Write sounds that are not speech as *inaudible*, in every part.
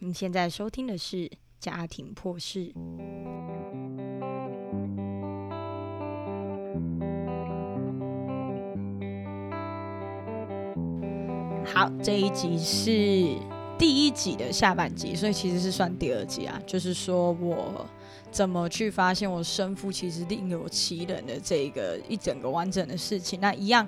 你、嗯、現在收聽的是《家庭破事》。好，這一集是第一集的下半集，所以其實是算第二集啊。就是說我怎麼去發現我生父其實另有其人的這個一整個完整的事情，那一樣。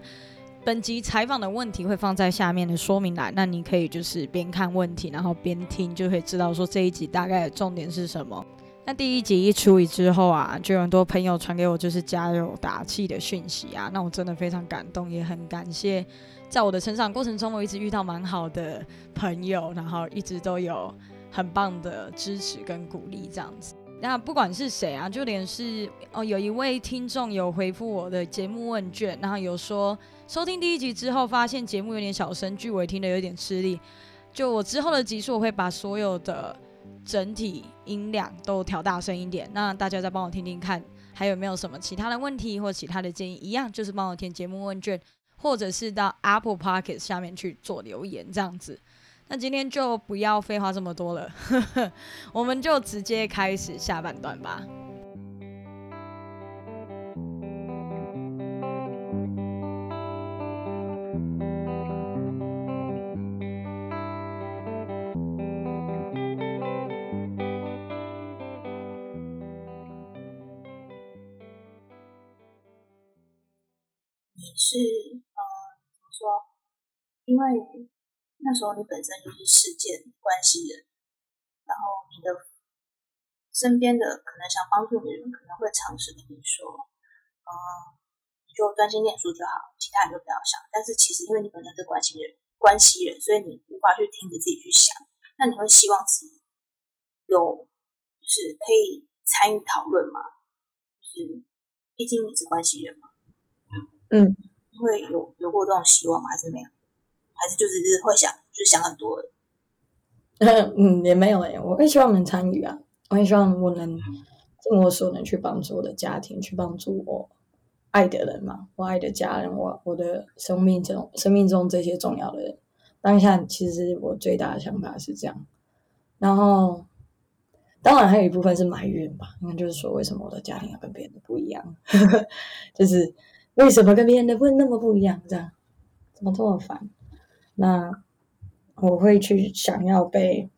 本集採訪的問題會放在下面的說明欄，那你可以就是邊看問題，然後邊聽，就可以知道說這一集大概的重點是什麼。那第一集一出語之後啊，就有很多朋友傳給我就是加油打氣的訊息啊，那我真的非常感動，也很感謝，在我的成長過程中，我一直遇到蠻好的朋友，然後一直都有很棒的支持跟鼓勵，這樣子。那不管是誰啊，就連是哦，有一位聽眾有回復我的節目問卷，然後有說收聽第一集之後，發現節目有點小聲，劇尾聽得有點吃力。就我之後的集數，我會把所有的整體音量都調大聲一點。那大家再幫我聽聽看，還有沒有什麼其他的問題或其他的建議，一樣就是幫我填節目問卷，或者是到 Apple Podcast 下面去做留言這樣子。那今天就不要廢話這麼多了， *laughs* 我們就直接開始下半段吧。那時候你本身就是事件關係人，然後你的身邊的可能想幫助你的人，可能會嘗試跟你說：“嗯，就專心念書就好，其他你就不要想。”但是其實因為你本身是關係人、關係人，所以你無法去聽着自己去想。那你會希望是有，就是可以參與討論嗎？是，畢竟你是關係人嘛。嗯，會有有過這種希望嗎？還是沒有？還是就是會想，就想很多。嗯，也沒有哎、欸，我很希望能參與啊，我很希望我能盡我所能去幫助我的家庭，去幫助我愛的人嘛，我愛的家人，我我的生命中生命中這些重要的人。當下其實我最大的想法是這樣，然後當然還有一部分是埋怨吧，應該就是說為什麼我的家庭要跟別人的不一樣？ *laughs* 就是為什麼跟別人的會那麼不一樣？是這樣，怎麼這麼煩？那我會去想要被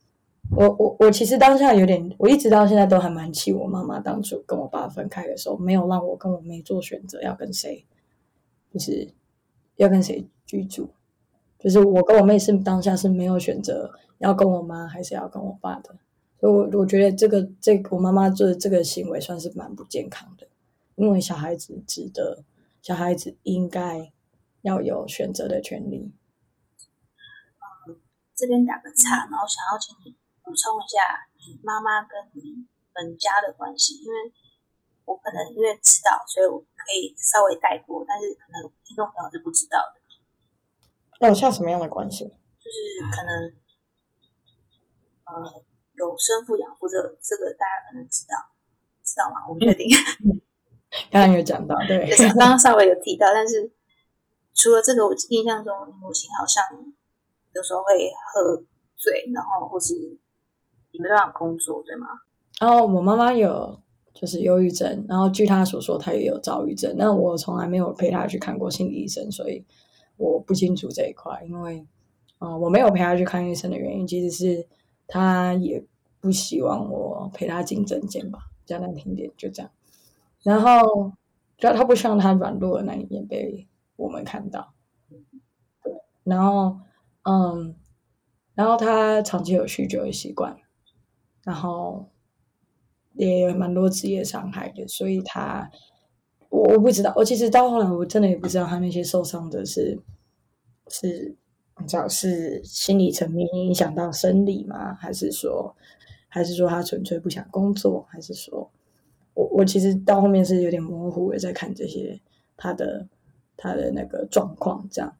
我我我其實當下有點，我一直到現在都還蠻氣我媽媽當初跟我爸分開的時候，沒有讓我跟我妹做選擇要跟誰，就是要跟誰居住，就是我跟我妹是當下是沒有選擇要跟我媽還是要跟我爸的，所以我我覺得這個這個，我媽媽做的這個行為算是蠻不健康的，因為小孩子值得，小孩子應該要有選擇的權利。這邊打個岔，然後想要請你補充一下你媽媽跟你們家的關係，因為我可能因為知道，所以我可以稍微帶過，但是可能聽眾朋友是不知道的。那我、哦、像什麼樣的關係？就是可能，呃，有生父養父，這這個大家可能知道，知道嗎？我不確定。剛剛 *laughs* 有講到，對，剛剛稍微有提到，但是除了這個，我印象中母親好像。有時候會喝醉，然後或是沒辦法工作，對嗎？然後、oh, 我媽媽有就是憂鬱症，然後據她所說，她也有躁鬱症。那我從來沒有陪她去看過心理醫生，所以我不清楚這一塊。因為，呃、我沒有陪她去看醫生的原因，其實是她也不希望我陪她進診間吧，講難聽點就這樣。然後，主要她不希望她軟弱的那一面被我們看到，對，然後。嗯，um, 然後他長期有酗酒的習慣，然後也蠻多職業傷害的，所以他我我不知道，我其實到後來我真的也不知道他那些受傷的是是，你知道是心理層面影響到生理嗎？還是說還是說他純粹不想工作？還是說我我其實到後面是有點模糊的，我在看這些他的他的那個狀況這樣。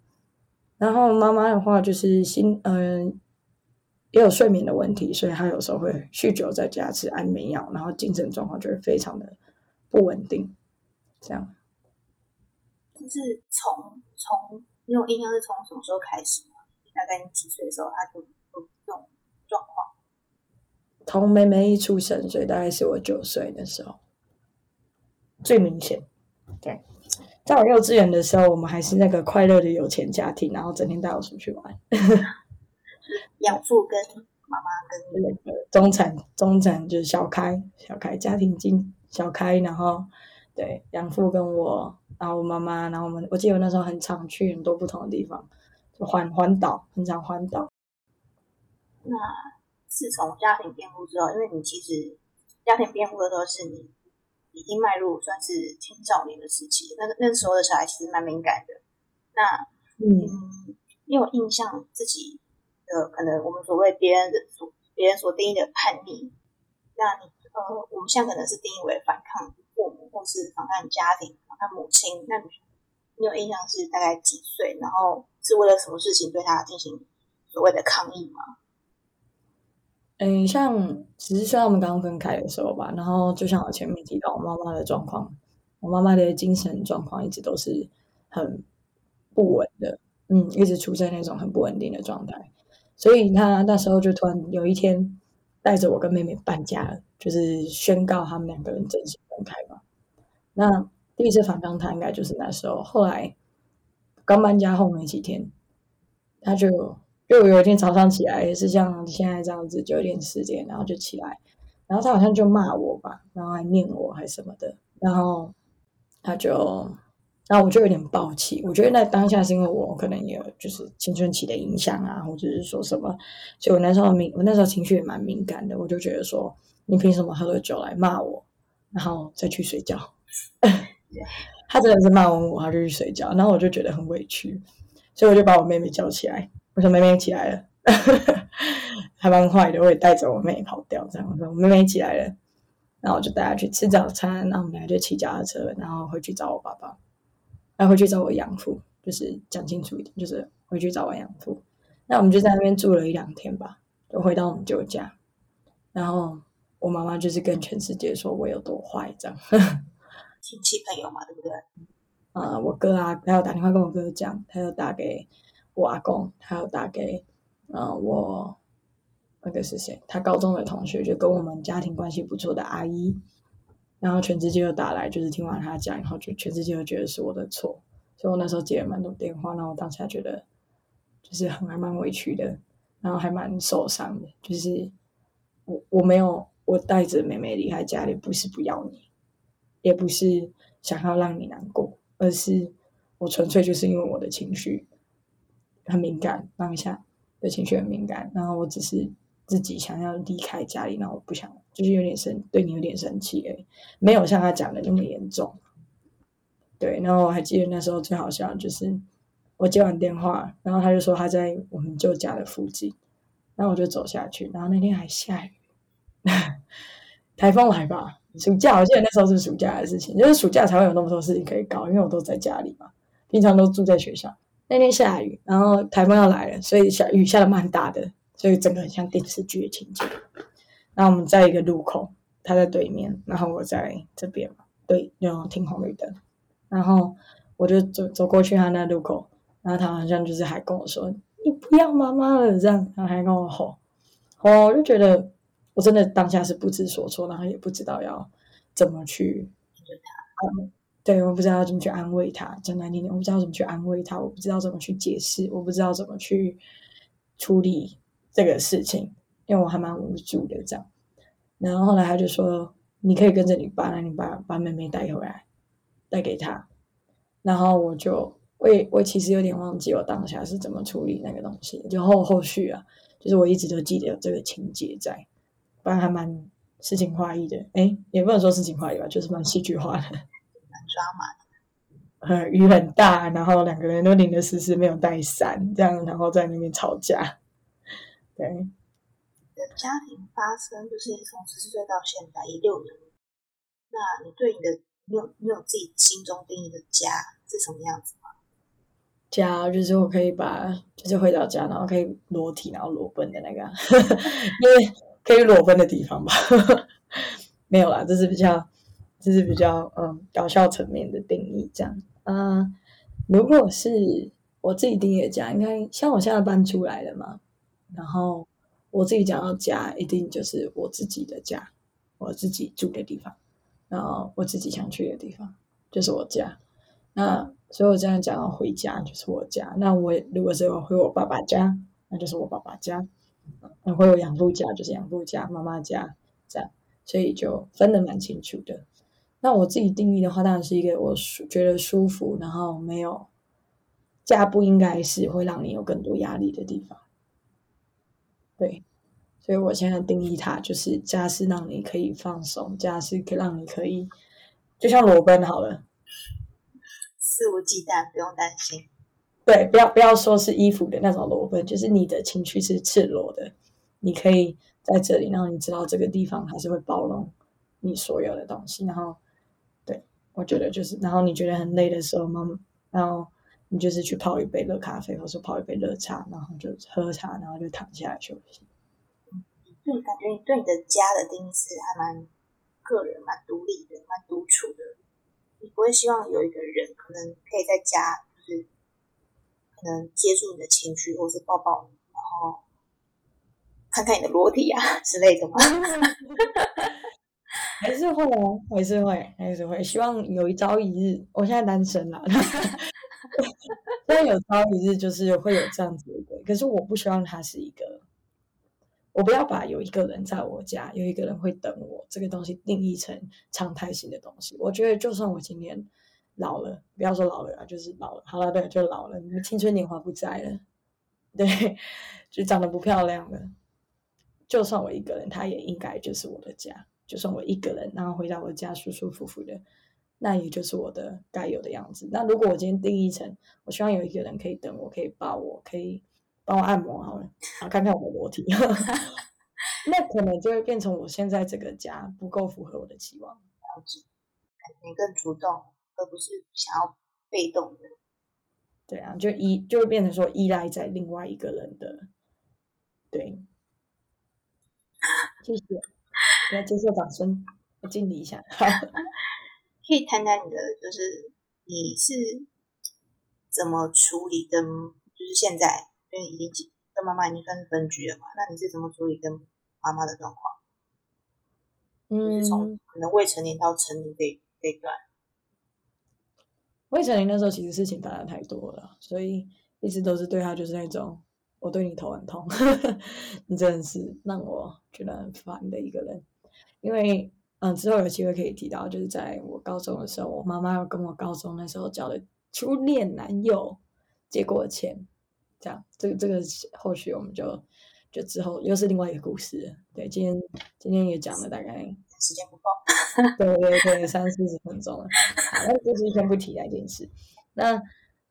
然後媽媽的話就是心嗯、呃、也有睡眠的問題，所以她有時候會酗酒，在家吃安眠藥，然後精神狀況就是非常的不穩定。這樣，就是從從，因為我印象是從什麼時候開始，大概你幾歲的時候，他就有這種狀況？從妹妹一出生，所以大概是我九歲的時候最明顯。對。Okay. 在我幼稚園的時候，我們還是那個快樂的有錢家庭，然後整天帶我出去玩。 *laughs* 養父跟媽媽跟，對對對對，中產，中產就是小開，小開家庭經小開，然後對養父跟我，然後我媽媽，然後我們我記得我那時候很常去很多不同的地方，就環環島，很常環島。那自從家庭變故之後，因為你其實家庭變故的時候是你。已經邁入算是青少年的時期，那那時候的小孩其實蠻敏感的。那嗯，你有印象自己呃，可能我們所謂別人的，別人所定義的叛逆，那你呃，我們現在可能是定義為反抗父母或是反抗家庭、反抗母親。那你，你有印象是大概幾歲，然後是為了什麼事情對他進行所謂的抗議嗎？嗯，像其實像我們剛分開的時候吧，然後就像我前面提到，我媽媽的狀況，我媽媽的精神狀況一直都是很不穩的，嗯，一直處在那種很不穩定的狀態，所以她那時候就突然有一天帶着我跟妹妹搬家，就是宣告他們兩個人正式分開嘛。那第一次反抗她應該就是那時候，後來剛搬家後沒幾天，她就。就有一天早上起來，也是像現在這樣子，九點十點，然後就起來，然後他好像就罵我吧，然後還念我，還什麼的，然後他就，那我就有點爆氣。我覺得那當下是因為我可能也有就是青春期的影響啊，或者是說什麼，所以我那時候敏，我那時候情緒也蠻敏感的。我就覺得說，你憑什麼喝了酒來罵我，然後再去睡覺？ *laughs* 他真的是罵完我，他就去睡覺，然後我就覺得很委屈，所以我就把我妹妹叫起來。我說：“妹妹起來了，還蠻壞的，我也帶着我妹跑掉。”這樣我說：“我妹妹起來了，然後我就帶她去吃早餐。那我們倆就騎腳踏車，然後回去找我爸爸，然後回去找我養父，就是講清楚一點，就是回去找我養父。那我們就在那邊住了一兩天吧，就回到我們舊家。然後我媽媽就是跟全世界說我有多壞，這樣親戚朋友嘛，對不對？嗯、啊，我哥啊，他要打電話跟我哥就講，他要打給。”我阿公，還有打給嗯，我那個是誰？他高中的同學，就跟我們家庭關係不錯的阿姨。然後全世界都打來，就是聽完他講以後，然後就全世界都覺得是我的錯。所以我那時候接了蠻多電話，然後我當下覺得就是還蠻委屈的，然後還蠻受傷的。就是我我沒有我帶着妹妹離開家裡，不是不要你，也不是想要讓你難過，而是我純粹就是因為我的情緒。很敏感，當下的情緒很敏感，然後我只是自己想要離開家裡，然後我不想，就是有點生，對你有點生氣，而已，沒有像他講的那麼嚴重。對，然後我還記得那時候最好笑的，就是我接完電話，然後他就說他在我們舊家的附近，然後我就走下去，然後那天還下雨，台 *laughs* 風來吧，暑假，我記得那時候是暑假的事情，就是暑假才會有那麼多事情可以搞，因為我都在家裡嘛，平常都住在學校。那天下雨，然後颱風要來了，所以下雨下的蠻大的，所以整個很像電視劇的情節。然後我們在一個路口，他在對面，然後我在這邊，對，要聽紅綠燈。然後我就走走過去他那路口，然後他好像就是還跟我說：“你不要媽媽了。”這樣，他還跟我吼，我就覺得我真的當下是不知所措，然後也不知道要怎麼去。嗯對，我不知道要怎麼去安慰他，講難聽點，我不知道怎麼去安慰他，我不知道怎麼去解釋，我不知道怎麼去處理這個事情，因為我還蠻無助的這樣。然後後來他就說：“你可以跟着你爸，那你把把妹妹帶回來，帶給他。”然後我就，我也我其實有點忘記我當下是怎麼處理那個東西，就後後續啊，就是我一直都記得有這個情節在，不然還蠻詩情畫意的，哎，也不能說詩情畫意吧，就是蠻戲劇化的。抓滿，呃、嗯，雨很大，然後兩個人都淋得濕濕，沒有帶傘，這樣，然後在那邊吵架。對，家庭發生，就是從十四歲到現在一六年，那你對你的你有你有自己心中定義的家是什麼樣子嗎？家就是我可以把，就是回到家，然後可以裸體，然後裸奔的那個，因 *laughs* 為可以裸奔的地方吧。 *laughs* 沒有啦，這是比較。這是比較嗯搞笑層面的定義，這樣。嗯、uh，如果是我自己定義的家，應該像我現在搬出來了嘛。然後我自己講到家，一定就是我自己的家，我自己住的地方，然後我自己想去的地方就是我家。那所以我這樣講，回家就是我家。那我如果是回我爸爸家，那就是我爸爸家；嗯、回我養父家就是養父家，媽媽家這樣。所以就分得蠻清楚的。那我自己定義的話，當然是一個我覺得舒服，然後沒有家不應該是會讓你有更多壓力的地方。對，所以我現在定義它就是，家是讓你可以放鬆，家是讓你可以就像裸奔好了，肆無忌憚，不用擔心。對，不要不要說是衣服的那種裸奔，就是你的情緒是赤裸的，你可以在這裡，讓你知道這個地方還是會包容你所有的東西，然後。我覺得就是，然後你覺得很累的時候媽媽，然後你就是去泡一杯熱咖啡，或者泡一杯熱茶，然後就喝茶，然後就躺下來休息。就感覺你對你的家的定義是還蠻個人、蠻獨立的、蠻獨處的。你不會希望有一個人可能可以在家就是，可能接觸你的情緒，或是抱抱你，然後看看你的裸體啊之類的嗎？ *laughs* 還是會，還是會，還是會。希望有一朝一日，我現在單身了， *laughs* *laughs* 但有朝一日就是會有這樣子的。可是我不希望他是一個，我不要把有一個人在我家，有一個人會等我，這個東西定義成常態性的東西。我覺得，就算我今天老了，不要說老了啊，就是老了，好了，對，就老了，你們青春年華不在了，對，就長得不漂亮了，就算我一個人，他也應該就是我的家。就剩我一個人，然後回到我家舒舒服服的，那也就是我的該有的樣子。那如果我今天定義成，我希望有一個人可以等我，可以抱我，可以幫我按摩好了，然後看看我的裸體， *laughs* 那可能就會變成我現在這個家不夠符合我的期望。了解，你更主動，而不是想要被動。對啊，就依就會變成說依賴在另外一個人的。對， *laughs* 謝謝。接受掌聲，我敬你一下。好，可以談談你的，就是你是怎麼處理跟就是現在因為已經跟媽媽已經算是分居了嘛？那你是怎麼處理跟媽媽的狀況？嗯，從可能未成年到成年這這段，未成年那時候其實事情發生太多了，所以一直都是對他就是那種我對你頭很痛， *laughs* 你真的是讓我覺得很煩的一個人。因為，嗯，之後有機會可以提到，就是在我高中的時候，我媽媽跟我高中那時候交的初戀男友借過錢，這樣，這個這個後續我們就，就之後又是另外一個故事。對，今天今天也講了大概時間不夠，對對對，三四十分鐘了，好，那故事先不提那件事。那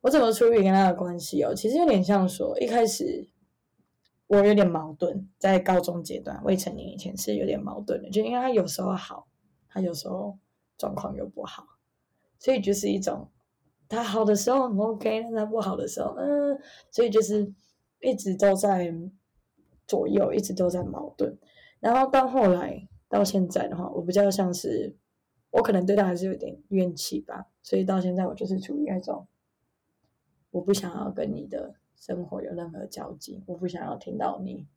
我怎麼處理跟他的關係哦？其實有點像說一開始。我有點矛盾，在高中階段，未成年以前是有點矛盾的，就因為他有時候好，他有時候狀況又不好，所以就是一種，他好的時候很 OK，但他不好的時候，嗯，所以就是一直都在左右，一直都在矛盾。然後到後來到現在的話，我比較像是，我可能對他還是有點怨氣吧，所以到現在我就是處於那種，我不想要跟你的。生活有任何交集，我不想要聽到你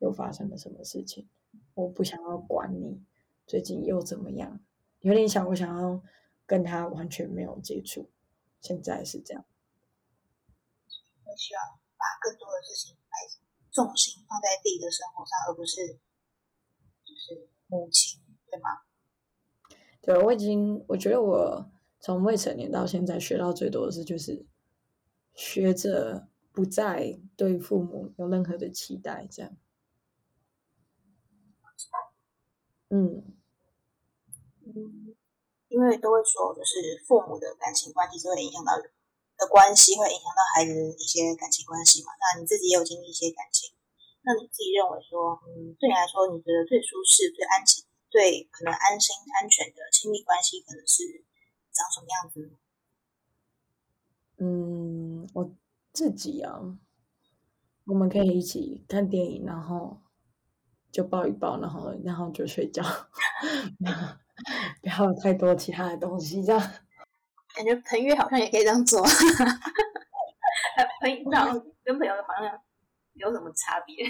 又發生了什麼事情，我不想要管你最近又怎麼樣，有點想，我想要跟他完全沒有接觸。現在是這樣，我需要把更多的事情來重心放在自己的生活上，而不是就是母親，對嗎？對，我已經，我覺得我從未成年到現在學到最多的是，就是學着。不再對父母有任何的期待，這樣。嗯。因為都會說，就是父母的感情關係，就會影響到人的關係，會影響到孩子一些感情關係嘛。那你自己也有經歷一些感情，那你自己認為說，嗯，對你來說，你覺得最舒適、最安全、最可能安心、安全的親密關係，可能是長什麼樣子？嗯，我。自己啊，我們可以一起看電影，然後就抱一抱，然後然後就睡覺， *laughs* 不要有太多其他的東西。這樣感覺朋友好像也可以這樣做， *laughs* 朋友跟朋友好像有什麼差別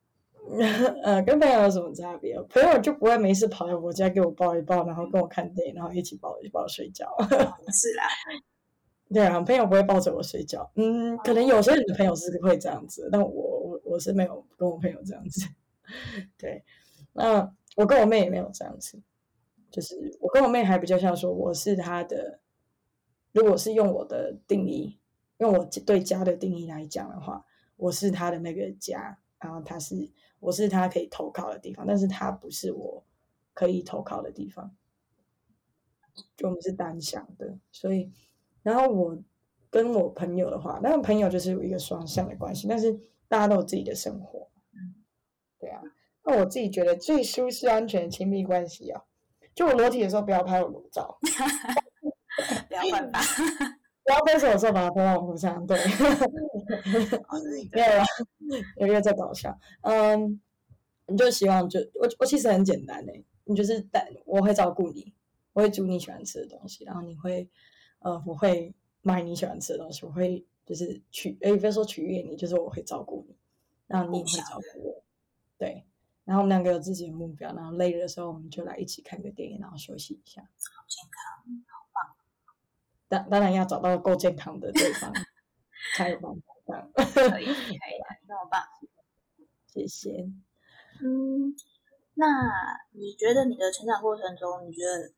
*laughs* 呃？跟朋友有什麼差別？朋友就不會沒事跑到我家給我抱一抱，然後跟我看電影，然後一起抱一抱睡覺。 *laughs* 是啦。對啊，朋友不會抱着我睡覺。嗯，可能有些人的朋友是會這樣子，但我我我是沒有跟我朋友這樣子。對，那我跟我妹也沒有這樣子。就是我跟我妹還比較像，說我是她的，如果是用我的定義，用我對家的定義來講的話，我是她的那個家，然後她是我是她可以投靠的地方，但是她不是我可以投靠的地方。就我們是單向的，所以。然後我跟我朋友的話，那朋友就是有一個雙向的關係，但是大家都有自己的生活，嗯、對啊。那我自己覺得最舒適、安全的親密關係啊、哦，就我裸體的時候不要拍我裸照，要萬吧，不要慢 *laughs* 分手的時候把它拍到網上，對，沒有了，我沒有在搞笑？嗯、um,，你就希望就我我其實很簡單的、欸、你就是但我會照顧你，我會煮你喜歡吃的東西，然後你會。呃，我會買你喜歡吃的東西，我會就是取，誒、欸，不是說取悅你，就是我會照顧你，然後你也會照顧我，對。然後我們兩個有自己的目標，然後累了的時候，我們就來一起看個電影，然後休息一下。好健康，嗯、好棒。但當然要找到夠健康的對方， *laughs* 才有辦法。可以可以，看我幫。 *laughs* 棒。謝謝。嗯，那你覺得你的成長過程中，你覺得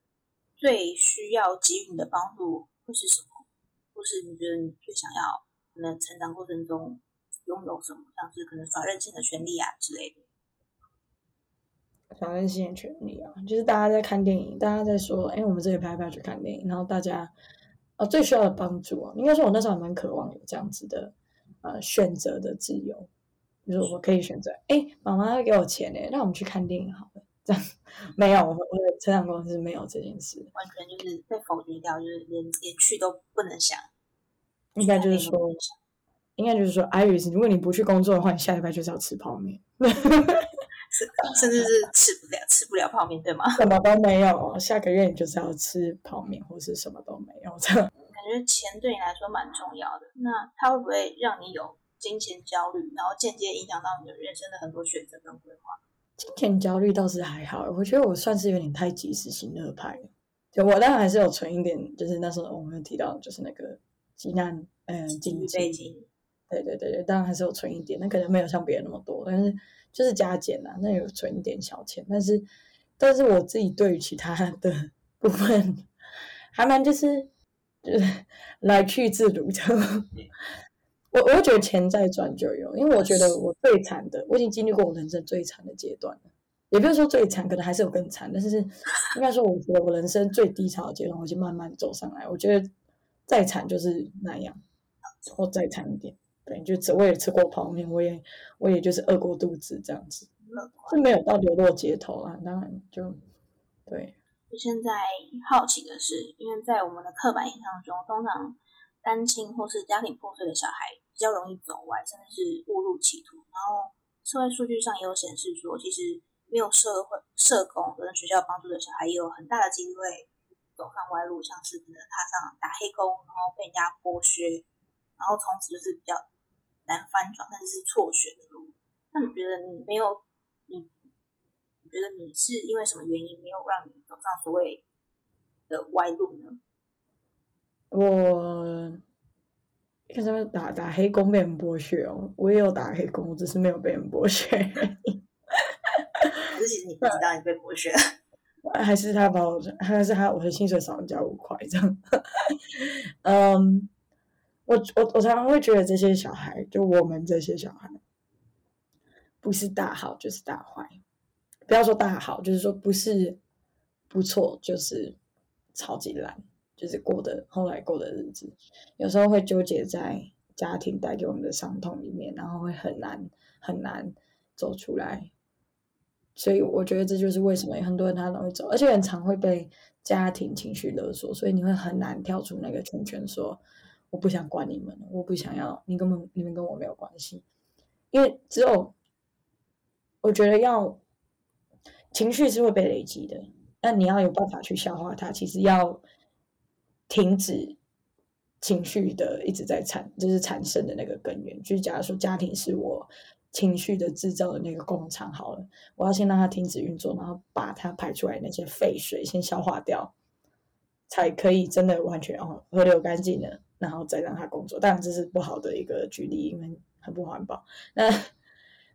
最需要給予你的幫助？或是什麼？或是你覺得你最想要？能成長過程中擁有什麼？像是可能耍任性的權利啊之類的。耍任性的權利啊，就是大家在看電影，大家在說：“哎、欸，我們這個要不要去看電影？”然後大家哦，最需要的幫助啊，應該說我那時候還蠻渴望有這樣子的、呃、選擇的自由，就是我可以選擇：“哎、欸，媽媽要給我錢呢、欸，那我們去看電影好。”這 *laughs* 沒有，我的成長公司沒有這件事，完全就是被否定掉，就是連連去都不能想。應該就是說，應該就是說，Iris，、啊、如果你不去工作的話，你下禮拜就是要吃泡麵， *laughs* *laughs* 是甚至是吃不了吃不了泡面對嗎？什麼都沒有、哦，下個月你就是要吃泡面或是什麼都沒有這樣。感覺錢對你來說蠻重要的，那它會不會讓你有金錢焦慮，然後間接影響到你的人生的很多選擇跟規劃？金錢焦慮倒是還好，我覺得我算是有點太及時行樂派。就我當然還是有存一點，就是那時候我們提到，就是那個急難嗯經濟對對對對，當然還是有存一點，那可能沒有像別人那麼多，但是就是加減啊，那有存一點小錢，但是但是我自己對於其他的部分還蠻就是、就是、來去自如的。我我覺得錢再賺就有，因為我覺得我最慘的，我已經經歷過我人生最慘的階段了，也不是說最慘，可能還是有更慘，但是應該說我覺得我人生最低潮的階段，我就慢慢走上來。我覺得再慘就是那樣，我再慘一點，等於就只我也吃過泡麵，我也我也就是餓過肚子這樣子，是沒有到流落街頭啊，當然就對。我現在好奇的是，因為在我們的刻板印象中，通常單親或是家庭破碎的小孩。比較容易走歪，甚至是誤入歧途。然後社會數據上也有顯示說，其實沒有社會社工跟學校幫助的小孩，有很大的機會走上歪路，像是真的踏上打黑工，然後被人家剝削，然後從此就是比較難翻轉，但是是輟學的路。那你覺得你沒有你，你覺得你是因為什麼原因沒有讓你走上所謂的歪路呢？我。看他們打打黑工被人剝削哦，我也有打黑工，只是沒有被人剝削而已。可 *laughs* 是其實你不知道你被剝削， *laughs* 還是他把我，還是他我的薪水少人家五塊這樣。嗯、 *laughs* um,，我我我常常會覺得這些小孩，就我們這些小孩，不是大好就是大壞，不要說大好，就是說不是不錯就是超級爛。就是過的，後來過的日子，有時候會糾結在家庭帶給我們的傷痛裡面，然後會很難很難走出來。所以我覺得這就是為什麼很多人他都會走，而且很常會被家庭情緒勒索，所以你會很難跳出那個圈圈說，說我不想管你們，我不想要你，根本你們跟我沒有關係。因為只有我覺得要情緒是會被累積的，但你要有辦法去消化它，其實要。停止情緒的一直在產，就是產生的那個根源。就是假如說家庭是我情緒的制造的那個工廠，好了，我要先讓它停止運作，然後把它排出來那些廢水先消化掉，才可以真的完全哦，河流乾淨了，然後再讓它工作。當然這是不好的一個舉例，因為很不環保。那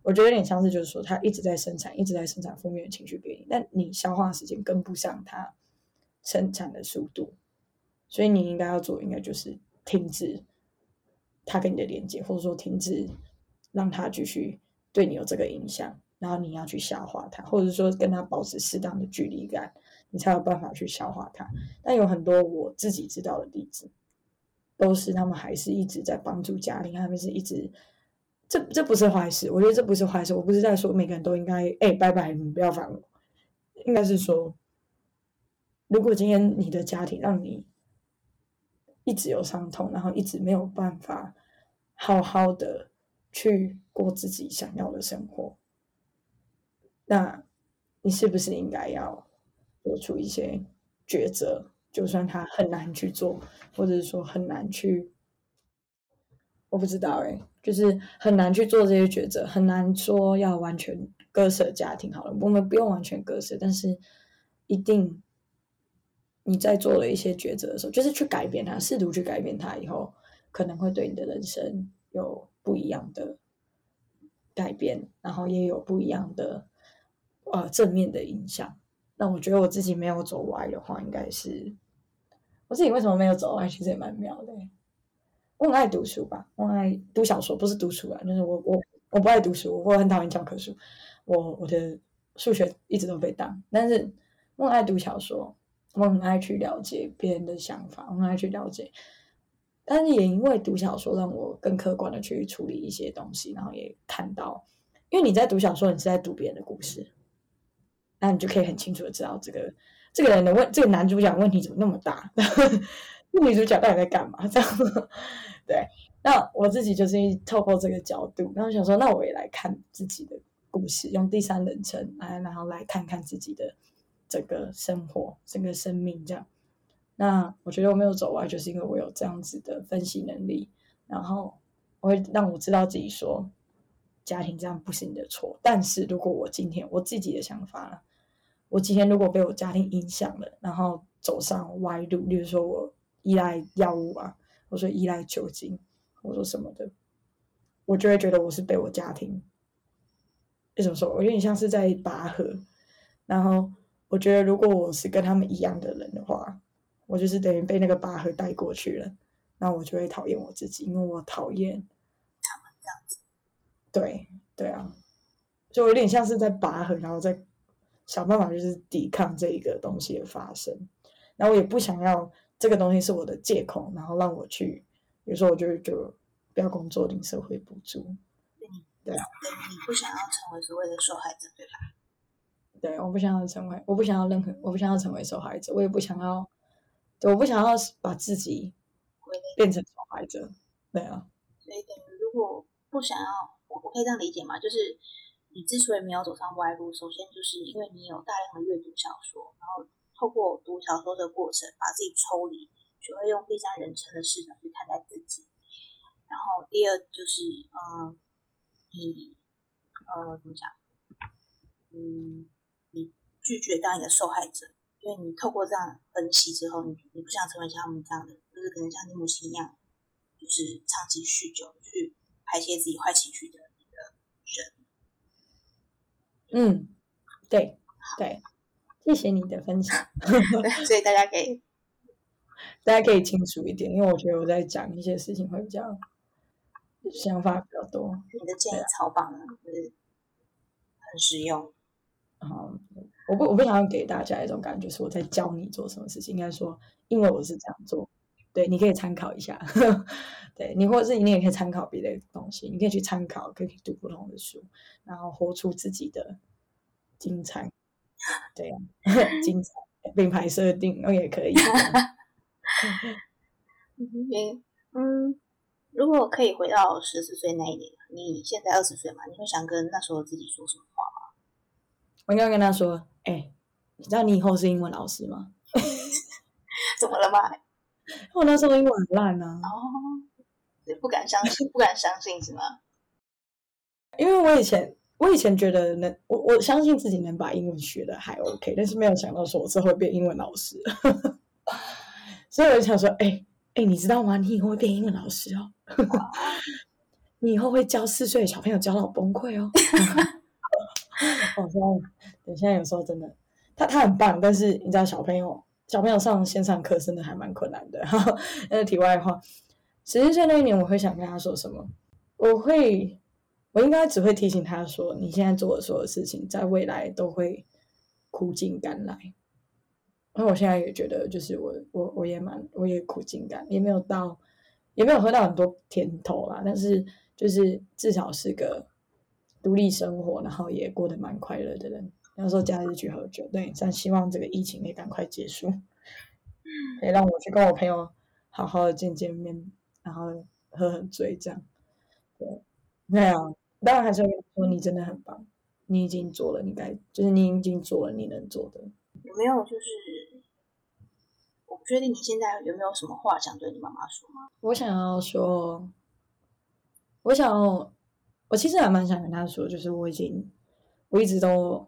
我覺得有點像是，就是說它一直在生產，一直在生產負面的情緒給你，那你消化的時間跟不上它生產的速度。所以你應該要做，應該就是停止他跟你的連接，或者說停止讓他繼續對你有這個影響，然後你要去消化他，或者說跟他保持適當的距離感，你才有辦法去消化他。但有很多我自己知道的例子，都是他們還是一直在幫助家庭，他們是一直，這，這不是壞事，我覺得這不是壞事。我不是在說每個人都應該哎、欸、拜拜，你不要煩我，應該是說，如果今天你的家庭讓你。一直有傷痛，然後一直沒有辦法好好的去過自己想要的生活，那你是不是應該要做出一些抉擇？就算他很難去做，或者是說很難去，我不知道哎、欸，就是很難去做這些抉擇，很難說要完全割舍家庭。好了，我們不用完全割舍，但是一定。你在做了一些抉擇的時候，就是去改變它，試圖去改變它，以後可能會對你的人生有不一樣的改變，然後也有不一樣的呃正面的影響。那我覺得我自己沒有走歪的話，應該是我自己為什麼沒有走歪？其實也蠻妙的欸。我很愛讀書吧，我愛讀小說，不是讀書啊，就是我我我不愛讀書，我很討厭教科書，我我的數學一直都被當，但是我很愛讀小說。我很愛去了解別人的想法，我很愛去了解，但是也因為讀小說，讓我更客觀的去處理一些東西，然後也看到，因為你在讀小說，你是在讀別人的故事，那你就可以很清楚的知道這個這個人的問，這個男主角問題怎麼那麼大，那女 *laughs* 主角到底在幹嘛？這樣對，那我自己就是透過這個角度，然後想說，那我也來看自己的故事，用第三人稱來，然後來看看自己的。整個生活，整個生命這樣。那我覺得我沒有走歪，就是因為我有這樣子的分析能力，然後我會讓我知道自己說，家庭這樣不是你的錯。但是如果我今天我自己的想法，我今天如果被我家庭影響了，然後走上歪路，例如說我依賴藥物啊，我說依賴酒精，我說什麼的，我就會覺得我是被我家庭，你怎麼說？我有點像是在拔河，然後。我覺得，如果我是跟他們一樣的人的話，我就是等於被那個拔河帶過去了，那我就會討厭我自己，因為我討厭他們這樣子。對，對啊，就我有點像是在拔河，然後在想辦法就是抵抗這一個東西的發生。那我也不想要這個東西是我的借口，然後讓我去，比如說，我就就不要工作領社會補助。對，對啊，對，你不想要成為所謂的受害者，對吧？對，我不想要成為，我不想要任何，我不想要成為受害者，我也不想要，我不想要把自己變成受害者。對，對啊。所以等於如果不想要，我我可以這樣理解嗎？就是你之所以沒有走上歪路，首先就是因為你有大量的閱讀小說，然後透過讀小說的過程，把自己抽離，學會用第三人稱的視角去看待自己。然後第二就是，嗯、呃，你呃怎麼講？嗯。拒絕當你的受害者，因為你透過這樣分析之後，你你不想成為像他們這樣的，就是可能像你母親一樣，就是長期酗酒，去排泄自己壞情緒的人。嗯，對，對，謝謝你的分享。 *laughs* 對，所以大家可以大家可以清楚一點，因為我覺得我在講一些事情會比較想法比較多。你的建議超棒啊，對就是很實用。然後、um, 我不我不想要給大家一種感覺，是我在教你做什麼事情。應該說，因為我是這樣做，對，你可以參考一下。 *laughs* 對你，或者是你也可以參考別的東西，你可以去參考，可以讀不同的書，然後活出自己的精彩。對、啊，精彩品牌 *laughs* 設定我也可以。嗯 *laughs* *laughs* 嗯，如果可以回到十四歲那一年，你現在二十歲嘛，你會想跟那時候自己說什麼話？我剛剛跟他說：“哎、欸，你知道你以後是英文老師嗎？ *laughs* 怎麼了嗎？我那時候英文很爛呢、啊。哦”不敢相信，不敢相信，是嗎？因為我以前，我以前覺得能，我我相信自己能把英文學得還 OK，但是沒有想到說我之後變英文老師。 *laughs* 所以我就想說：“哎、欸欸，你知道嗎？你以後會變英文老師哦， *laughs* 你以後會教四歲的小朋友教到崩潰哦。 *laughs* ” *laughs* 好，真的、 *laughs* 哦。你現在有時候真的，他他很棒，但是你知道小朋友小朋友上線上課真的還蠻困難的。哈哈，那個題外話，十一歲那一年，我會想跟他說什麼？我會，我應該只會提醒他說，你現在做的所有事情，在未來都會苦盡甘來。因為我現在也覺得，就是我我我也蠻我也苦盡甘，也沒有到也沒有喝到很多甜頭啦，但是就是至少是個。獨立生活，然後也過得蠻快樂的人。然後說假日去喝酒，對，但希望這個疫情可以趕快結束，可以讓我去跟我朋友好好的見見面，然後喝喝醉這樣。對，那樣當然還是說你真的很棒，你已經做了，你該就是你已經做了你能做的。有沒有就是，我不確定你現在有沒有什麼話想對你媽媽說嗎？我想要說，我想。我其實還蠻想跟他說，就是我已經，我一直都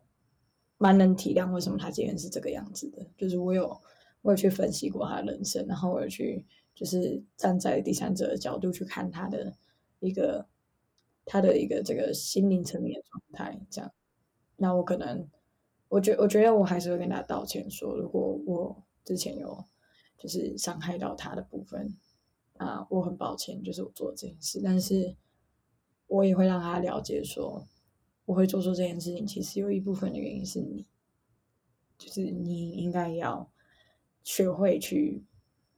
蠻能體諒，為什麼他今天是這個樣子的。就是我有，我有去分析過他的人生，然後我有去，就是站在第三者的角度去看他的一個，他的一個這個心靈層面的狀態。這樣，那我可能，我覺我覺得我,我還是會跟他道歉說，如果我之前有就是傷害到他的部分，啊、呃，我很抱歉，就是我做這件事，但是。我也會讓他了解說，說我會做出這件事情，其實有一部分的原因是你，就是你應該要學會去。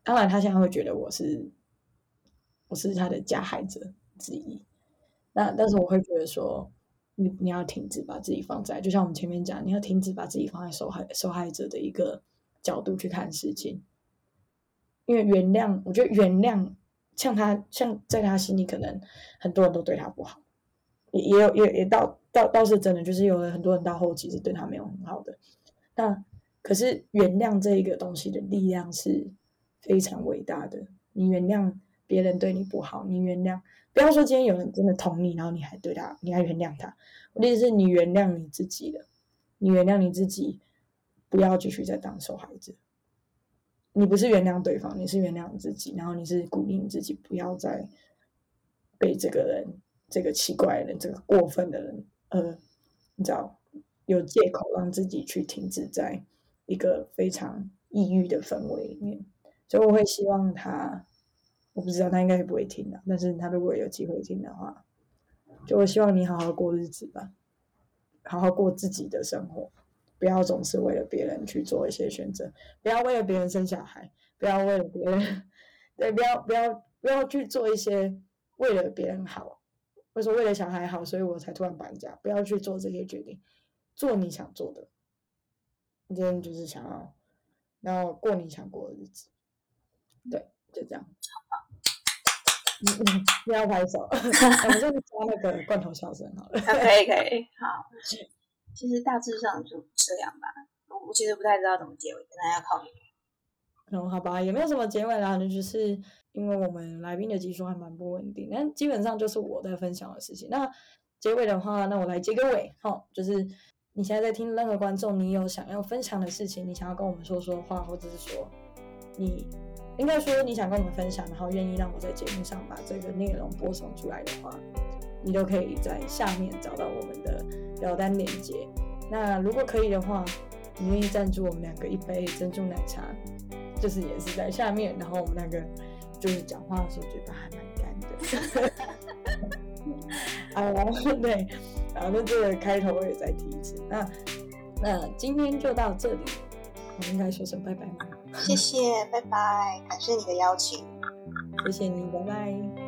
當然，他現在會覺得我是我是他的加害者之一。那但是我會覺得說，你你要停止把自己放在，就像我們前面講，你要停止把自己放在受害受害者的一個角度去看事情，因為原諒，我覺得原諒。像他，像在他心裡，可能很多人都對他不好，也也有也也到到倒是真的，就是有了很多人到後期是對他沒有很好的。那可是原諒這一個東西的力量是非常偉大的。你原諒別人對你不好，你原諒，不要說今天有人真的捅你，然後你還對他你還原諒他，我的意思是你你，你原諒你自己的，你原諒你自己，不要繼續再當受害者。你不是原諒對方，你是原諒自己，然後你是鼓勵你自己，不要再被這個人、這個奇怪的人、這個過分的人，呃，你知道，有借口讓自己去停止在一個非常抑鬱的氛圍裡面。所以我會希望他，我不知道他應該也不會聽的，但是他如果有機會聽的話，就會希望你好好過日子吧，好好過自己的生活。不要總是為了別人去做一些選擇，不要為了別人生小孩，不要為了別人，對，不要不要不要去做一些為了別人好，或者為了小孩好，所以我才突然搬家，不要去做這些決定，做你想做的，今天就是想要然後過你想過的日子，對，就這樣。不好要拍手， *laughs* 哎、我們再加那個罐頭笑聲，好了。可以，可以。好。其實大緻上就這樣吧，我其實不太知道怎麼結尾，跟大家考慮哦、嗯，好吧，也沒有什麼結尾啦，就是因為我們來賓的技術還蠻不穩定，那基本上就是我在分享的事情。那結尾的話，那我來結個尾，好、哦，就是你現在在聽任何觀眾，你有想要分享的事情，你想要跟我們說說話，或者是說你應該說你想跟我們分享，然後願意讓我在節目上把這個內容播送出來的話，你都可以在下面找到我們的。表單鏈接，那如果可以的話，你願意贊助我們兩個一杯珍珠奶茶？就是也是在下面，然後我們兩個就是講話的時候嘴巴還蠻乾的，啊，對，然後那這個開頭我也再提一次。那那今天就到這裡，我應該說聲拜拜嗎？ *laughs* 謝謝，拜拜，感謝你的邀請，謝謝你，拜拜。